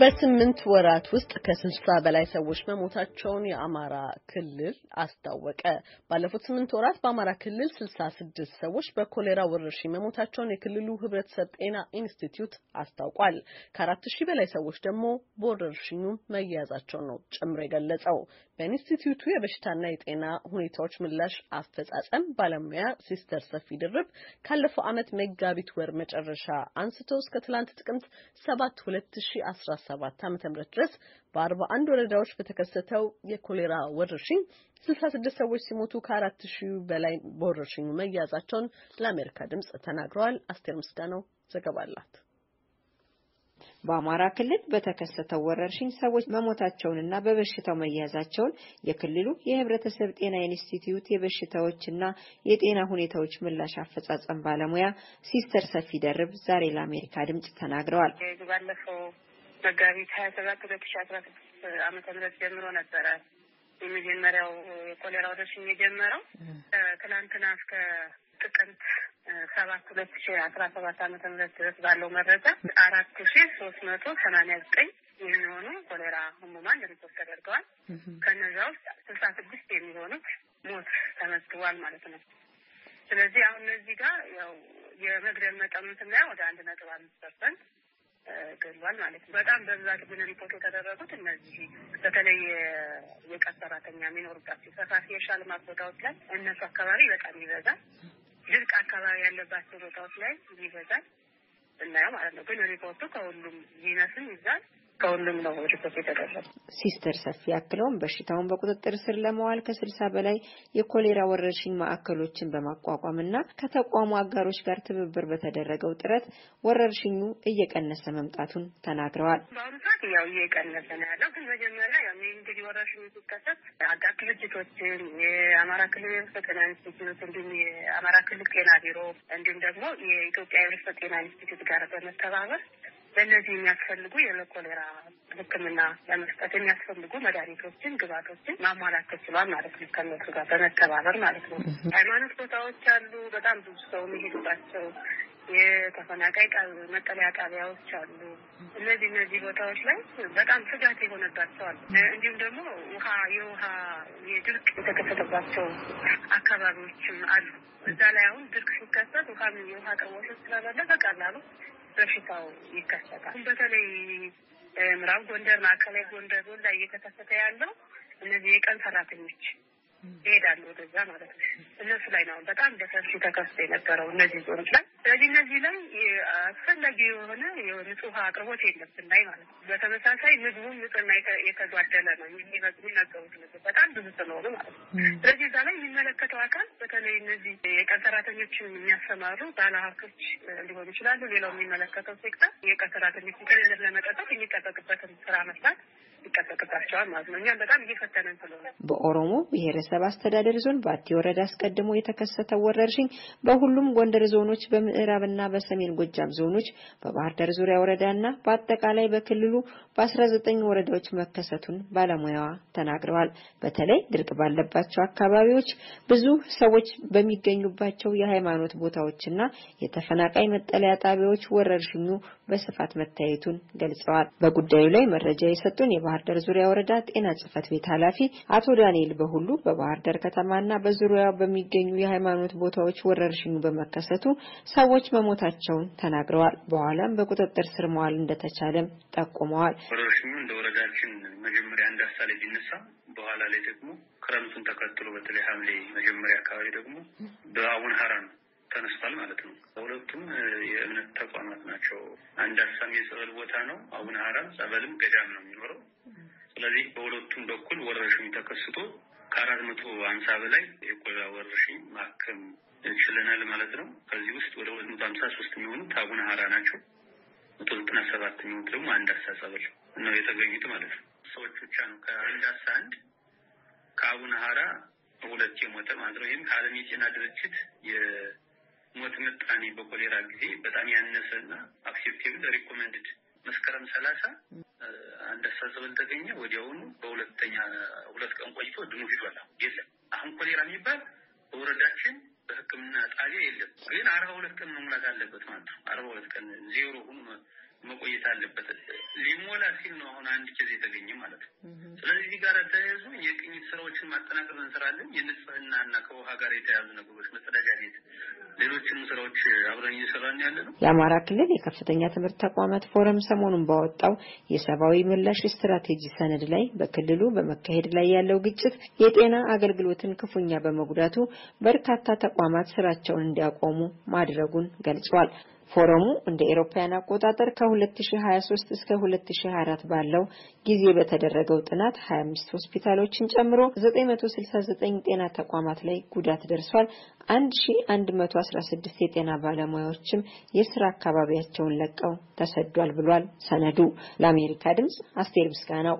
በስምንት ወራት ውስጥ ከስልሳ በላይ ሰዎች መሞታቸውን የአማራ ክልል አስታወቀ። ባለፉት ስምንት ወራት በአማራ ክልል ስልሳ ስድስት ሰዎች በኮሌራ ወረርሽኝ መሞታቸውን የክልሉ ሕብረተሰብ ጤና ኢንስቲትዩት አስታውቋል። ከአራት ሺህ በላይ ሰዎች ደግሞ በወረርሽኙ መያዛቸውን ነው ጨምሮ የገለጸው። በኢንስቲትዩቱ የበሽታና የጤና ሁኔታዎች ምላሽ አፈጻጸም ባለሙያ ሲስተር ሰፊ ድርብ ካለፈው ዓመት መጋቢት ወር መጨረሻ አንስቶ እስከ ትላንት ጥቅምት ሰባት ሁለት ሺ አስራ 2017 ዓ.ም ድረስ በ41 ወረዳዎች በተከሰተው የኮሌራ ወረርሽኝ 66 ሰዎች ሲሞቱ ከ4 በላይ በወረርሽኙ መያዛቸውን ለአሜሪካ ድምጽ ተናግረዋል። አስቴር ምስጋናው ዘገባ አላት። በአማራ ክልል በተከሰተው ወረርሽኝ ሰዎች መሞታቸውንና በበሽታው መያዛቸውን የክልሉ የሕብረተሰብ ጤና ኢንስቲትዩት የበሽታዎችና የጤና ሁኔታዎች ምላሽ አፈጻጸም ባለሙያ ሲስተር ሰፊ ደርብ ዛሬ ለአሜሪካ ድምጽ ተናግረዋል። ባለፈው መጋቢት ሀያ ሰባት ሁለት ሺ አስራ ስድስት አመተ ምህረት ጀምሮ ነበረ የመጀመሪያው የኮሌራ ወረርሽኝ የጀመረው ትላንትና እስከ ጥቅምት ሰባት ሁለት ሺ አስራ ሰባት አመተ ምህረት ድረስ ባለው መረጃ አራት ሺ ሶስት መቶ ሰማኒያ ዘጠኝ የሚሆኑ ኮሌራ ህሙማን ሪፖርት ተደርገዋል። ከነዛ ውስጥ ስልሳ ስድስት የሚሆኑት ሞት ተመዝግቧል ማለት ነው። ስለዚህ አሁን እነዚህ ጋር ያው የመግደል መጠኑ ስናየው ወደ አንድ ነጥብ አምስት ፐርሰንት ገድሏል ማለት ነው። በጣም በብዛት ግን ሪፖርት የተደረጉት እነዚህ በተለይ የቀን ሰራተኛ የሚኖሩባቸው ሰፋፊ የሻልማት ቦታዎች ላይ እነሱ አካባቢ በጣም ይበዛል። ድርቅ አካባቢ ያለባቸው ቦታዎች ላይ ይበዛል እናየው ማለት ነው። ግን ሪፖርቱ ከሁሉም ይነስም ይዛል ከሁሉም ነው ሪፖርት የተደረገ። ሲስተር ሰፊ አክለውም በሽታውን በቁጥጥር ስር ለመዋል ከስልሳ በላይ የኮሌራ ወረርሽኝ ማዕከሎችን በማቋቋም እና ከተቋሙ አጋሮች ጋር ትብብር በተደረገው ጥረት ወረርሽኙ እየቀነሰ መምጣቱን ተናግረዋል። በአሁኑ ሰዓት ያው እየቀነሰ ነው ያለው፣ ግን መጀመሪያ ያው እንግዲህ ወረርሽኙ ሲከሰት አጋር ድርጅቶችን የአማራ ክልል ህብረተሰብ ጤና ኢንስቲትዩት እንዲሁም የአማራ ክልል ጤና ቢሮ እንዲሁም ደግሞ የኢትዮጵያ ህብረተሰብ ጤና ኢንስቲትዩት ጋር በመተባበር ለእነዚህ የሚያስፈልጉ የኮሌራ ሕክምና ለመስጠት የሚያስፈልጉ መድኃኒቶችን፣ ግብዓቶችን ማሟላት ተችሏል ማለት ነው። ከነሱ ጋር በመተባበር ማለት ነው። ሃይማኖት ቦታዎች አሉ። በጣም ብዙ ሰው የሚሄዱባቸው የተፈናቃይ መጠለያ ጣቢያዎች አሉ። እነዚህ እነዚህ ቦታዎች ላይ በጣም ስጋት የሆነባቸው አሉ። እንዲሁም ደግሞ ውሃ የውሃ የድርቅ የተከሰተባቸው አካባቢዎችም አሉ። እዛ ላይ አሁን ድርቅ ሲከሰት ውሃ የውሃ ቀወሶች ስለበለ በቃላሉ በሽታው ይከሰታል። በተለይ ምዕራብ ጎንደር፣ ማዕከላዊ ጎንደር ላይ እየተከሰተ ያለው እነዚህ የቀን ሰራተኞች ይሄዳሉ ወደዛ ማለት ነው። እነሱ ላይ ነው በጣም በሰፊው ተከስቶ የነበረው እነዚህ ዞኖች ላይ። ስለዚህ እነዚህ ላይ አስፈላጊ የሆነ ንጹህ አቅርቦት የለብን ላይ ማለት ነው። በተመሳሳይ ምግቡም ንጽህና የተጓደለ ነው የሚመግቡ ነገሩት ምግብ በጣም ብዙ ስለሆኑ ማለት ነው። ስለዚህ እዛ ላይ የሚመለከተው አካል በተለይ እነዚህ የቀን ሰራተኞችን የሚያሰማሩ ባለሀብቶች ሊሆኑ ይችላሉ። ሌላው የሚመለከተው ሴክተር የቀን ሰራተኞችን ከሌለት ለመጠጣት የሚጠበቅበትን ስራ መስራት ያስጠብቃቸዋል ማለት ነው። እኛም በጣም እየፈተነን ስለሆነ በኦሮሞ ብሔረሰብ አስተዳደር ዞን በአቲ ወረዳ አስቀድሞ የተከሰተው ወረርሽኝ በሁሉም ጎንደር ዞኖች፣ በምዕራብና በሰሜን ጎጃም ዞኖች፣ በባህር ዳር ዙሪያ ወረዳና በአጠቃላይ በክልሉ በ19 ወረዳዎች መከሰቱን ባለሙያዋ ተናግረዋል። በተለይ ድርቅ ባለባቸው አካባቢዎች ብዙ ሰዎች በሚገኙባቸው የሃይማኖት ቦታዎችና የተፈናቃይ መጠለያ ጣቢያዎች ወረርሽኙ በስፋት መታየቱን ገልጸዋል። በጉዳዩ ላይ መረጃ የሰጡን የባህር ዳር ዙሪያ ወረዳ ጤና ጽህፈት ቤት ኃላፊ አቶ ዳንኤል በሁሉ በባህር ዳር ከተማና በዙሪያው በሚገኙ የሃይማኖት ቦታዎች ወረርሽኙ በመከሰቱ ሰዎች መሞታቸውን ተናግረዋል። በኋላም በቁጥጥር ስር መዋል እንደተቻለም ጠቁመዋል። ወረርሽኙ እንደ ወረዳችን መጀመሪያ እንዳሳ ላይ ቢነሳ በኋላ ላይ ደግሞ ክረምቱን ተከትሎ በተለይ ሐምሌ መጀመሪያ አካባቢ ደግሞ በአቡነ ሀራም ተነስቷል ማለት ነው። ሁለቱም የእምነት ተቋማት ናቸው። አንድ አሳም የጸበል ቦታ ነው። አቡነ ሀራም ጸበልም ገዳም ነው የሚኖረው ስለዚህ በሁለቱም በኩል ወረርሽኝ ተከስቶ ከአራት መቶ አምሳ በላይ የኮሌራ ወረርሽኝ ማከም ችለናል ማለት ነው። ከዚህ ውስጥ ወደ ሁለት መቶ አምሳ ሶስት የሚሆኑት አቡነ ሀራ ናቸው። መቶ ዘጠና ሰባት የሚሆኑት ደግሞ አንድ አሳ ጸበል ነው የተገኙት ማለት ነው። ሰዎች ብቻ ነው ከአንድ አሳ አንድ ከአቡነ ሀራ ሁለት የሞተ ማለት ነው። ይህም ከዓለም የጤና ድርጅት የሞት ምጣኔ በኮሌራ ጊዜ በጣም ያነሰ እና አክሴፕቴብል ሪኮመንድድ መስከረም ሰላሳ አንድ አስተሳሰብ ተገኘ። ወዲያውኑ በሁለተኛ ሁለት ቀን ቆይቶ ድኑ ሂዷል። የለም አሁን ኮሌራ የሚባል በወረዳችን በሕክምና ጣቢያ የለም። ግን አርባ ሁለት ቀን መሙላት አለበት ማለት ነው። አርባ ሁለት ቀን ዜሮ ሁኑ መቆየት አለበት። ሊሞላ ሲል ነው አሁን አንድ ኬዝ የተገኘ ማለት ነው። ስለዚህ ጋር ተያይዞ እሱን ማጠናቀር እንሰራለን። የንጽህና ከውሃ ጋር የተያዙ ነገሮች፣ መጸዳጃ ቤት፣ ሌሎችም ስራዎች አብረን እየሰራን ያለ ነው። የአማራ ክልል የከፍተኛ ትምህርት ተቋማት ፎረም ሰሞኑን ባወጣው የሰብአዊ ምላሽ ስትራቴጂ ሰነድ ላይ በክልሉ በመካሄድ ላይ ያለው ግጭት የጤና አገልግሎትን ክፉኛ በመጉዳቱ በርካታ ተቋማት ስራቸውን እንዲያቆሙ ማድረጉን ገልጿል። ፎረሙ እንደ ኤሮፓያን አቆጣጠር ከ2023 እስከ 2024 ባለው ጊዜ በተደረገው ጥናት 25 ሆስፒታሎችን ጨምሮ 969 ጤና ተቋማት ላይ ጉዳት ደርሷል። 1116 የጤና ባለሙያዎችም የስራ አካባቢያቸውን ለቀው ተሰዷል ብሏል ሰነዱ። ለአሜሪካ ድምጽ አስቴር ምስጋናው